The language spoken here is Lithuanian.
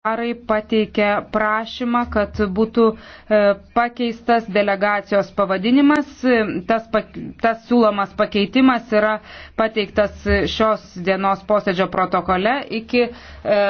Parlamentarai pateikė prašymą, kad būtų e, pakeistas delegacijos pavadinimas. Tas, tas siūlomas pakeitimas yra pateiktas šios dienos posėdžio protokole iki. E,